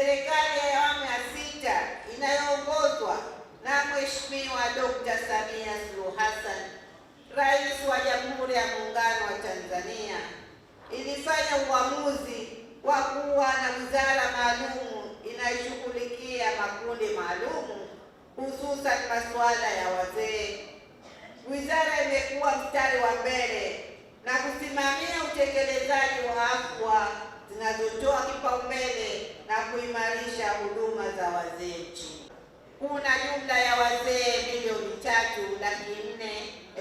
serikali ya awamu ya sita inayoongozwa na Mheshimiwa Dr. Samia Suluhu Hassan, Rais wa Jamhuri ya Muungano wa Tanzania, ilifanya uamuzi wa kuwa na wizara maalumu inayoshughulikia makundi maalumu hususan masuala ya wazee. Wizara imekuwa mstari wa mbele na kusimamia utekelezaji wa afwa zinazotoa kipaumbele na kuimarisha huduma za wazee nchini. Kuna jumla ya wazee milioni tatu laki nne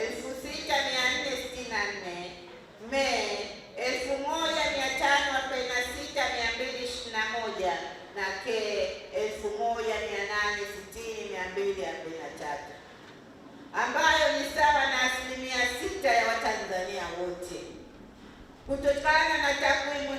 elfu sita mia nne sitini na nne Mei elfu moja mia tano arobaini na sita mia mbili ishirini na moja na ke elfu moja mia nane sitini mia mbili arobaini na tatu ambayo ni sawa na asilimia sita ya Watanzania wote kutokana na takwimu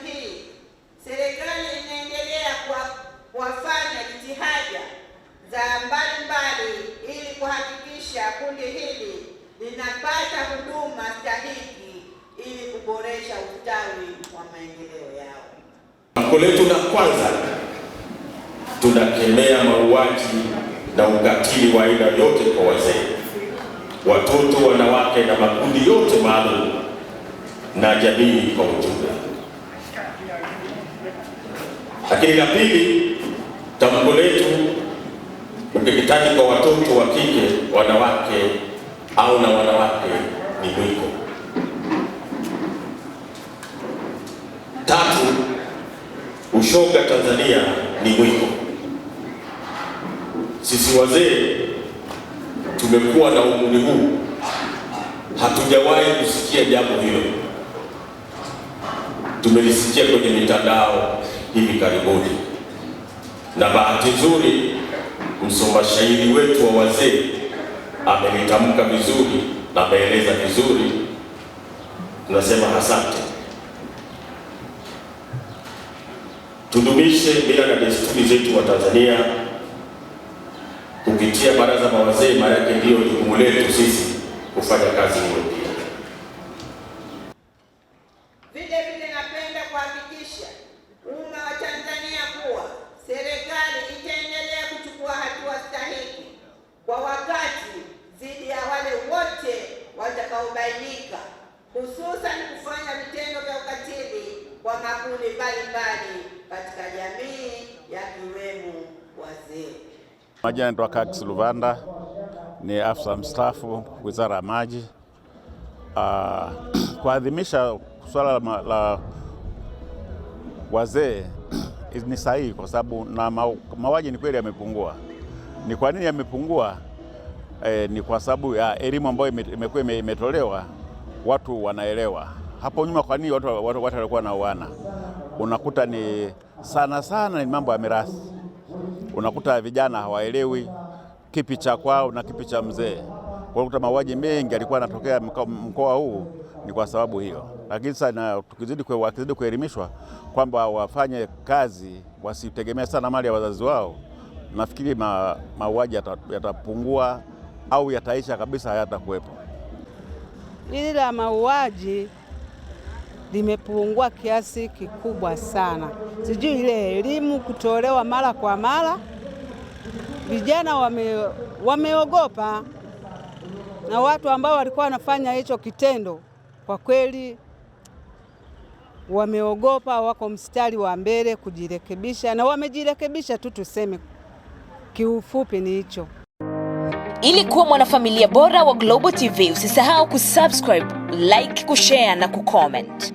Tamko letu la kwanza, tunakemea mauaji na ukatili wa aina yote kwa wazee, watoto, wanawake na makundi yote maalum na jamii kwa ujumla. Lakini la pili, tamko letu ukeketaji kwa watoto wa kike, wanawake au na wanawake ni mwiko. Tatu, Ushoga Tanzania ni mwiko. Sisi wazee tumekuwa na umri huu, hatujawahi kusikia jambo hilo. Tumelisikia kwenye mitandao hivi karibuni, na bahati nzuri msoma shairi wetu wa wazee amelitamka vizuri na ameeleza vizuri, tunasema asante. tudumishe mila na desturi zetu wa Tanzania kupitia baraza la wazee, maana yake ndiyo jukumu letu sisi kufanya kazi hiyo. napenda kuhakikisha wa Tanzania kuwa serikali itaendelea kuchukua hatua stahiki kwa wakati ya wale wote hususan kufanya vitendo vya ukatili kwa makundi mbalimbali katika jamii yakiwemo wazee. Majina Luvanda, ni afisa mstaafu wizara ya maji. Uh, kuadhimisha swala la, la wazee ni sahihi kwa sababu na mauaji ni kweli yamepungua. Ni kwa nini yamepungua? Eh, ni kwa sababu ya elimu ambayo imekuwa imetolewa, watu wanaelewa. Hapo nyuma, kwa nini watu walikuwa na uana unakuta ni sana sana ni mambo ya mirathi. Unakuta vijana hawaelewi kipi cha kwao na kipi cha mzee. Kwa kuta mauaji mengi yalikuwa yanatokea mkoa huu ni kwa sababu hiyo, lakini sana tukizidi wakizidi kuelimishwa kwamba wafanye kazi, wasitegemea sana mali ya wazazi wao, nafikiri mauaji yatapungua au yataisha kabisa, hayatakuwepo. Hili la mauaji limepungua kiasi kikubwa sana. Sijui ile elimu kutolewa mara kwa mara, vijana wame, wameogopa na watu ambao walikuwa wanafanya hicho kitendo kwa kweli wameogopa, wako mstari wa mbele kujirekebisha, na wamejirekebisha tu, tuseme kiufupi ni hicho. Ili kuwa mwanafamilia bora wa Global TV, usisahau kusubscribe, like, kushare na kucomment.